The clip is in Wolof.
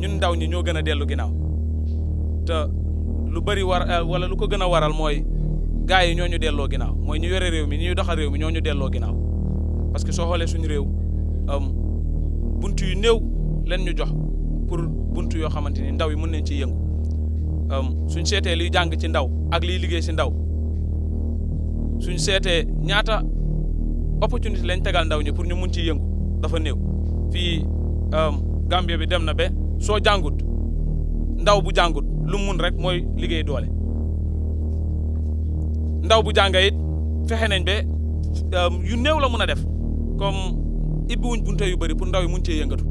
ñun ndaw ñi ñoo gën a dellu ginnaaw te lu bëri war eh, wala lu ko gën a waral mooy gars yi ñoo ñu delloo ginnaaw mooy ñu yore réew mi ñu doxal réew mi ñoo ñu delloo ginnaaw parce que soo xoolee suñu réew bunt yu néew leen ñu jox pour bunt yoo xamante ni ndaw yi mën nañ ciy yëngu suñ seetee liy jàng ci ndaw ak liy liggéey si ndaw suñ seetee ñaata opportunité lañ tegal ndaw ñi pour ñu mun ci yëngu dafa néew fii Gambie bi dem na ba soo jàngut ndaw bu jàngut lu mun rek mooy liggéey doole ndaw bu jànga it fexe nañ ba euh, yu néew la mun a def comme ibbiwuñ bunte yu bëri pour ndaw yi mun cee yëngatu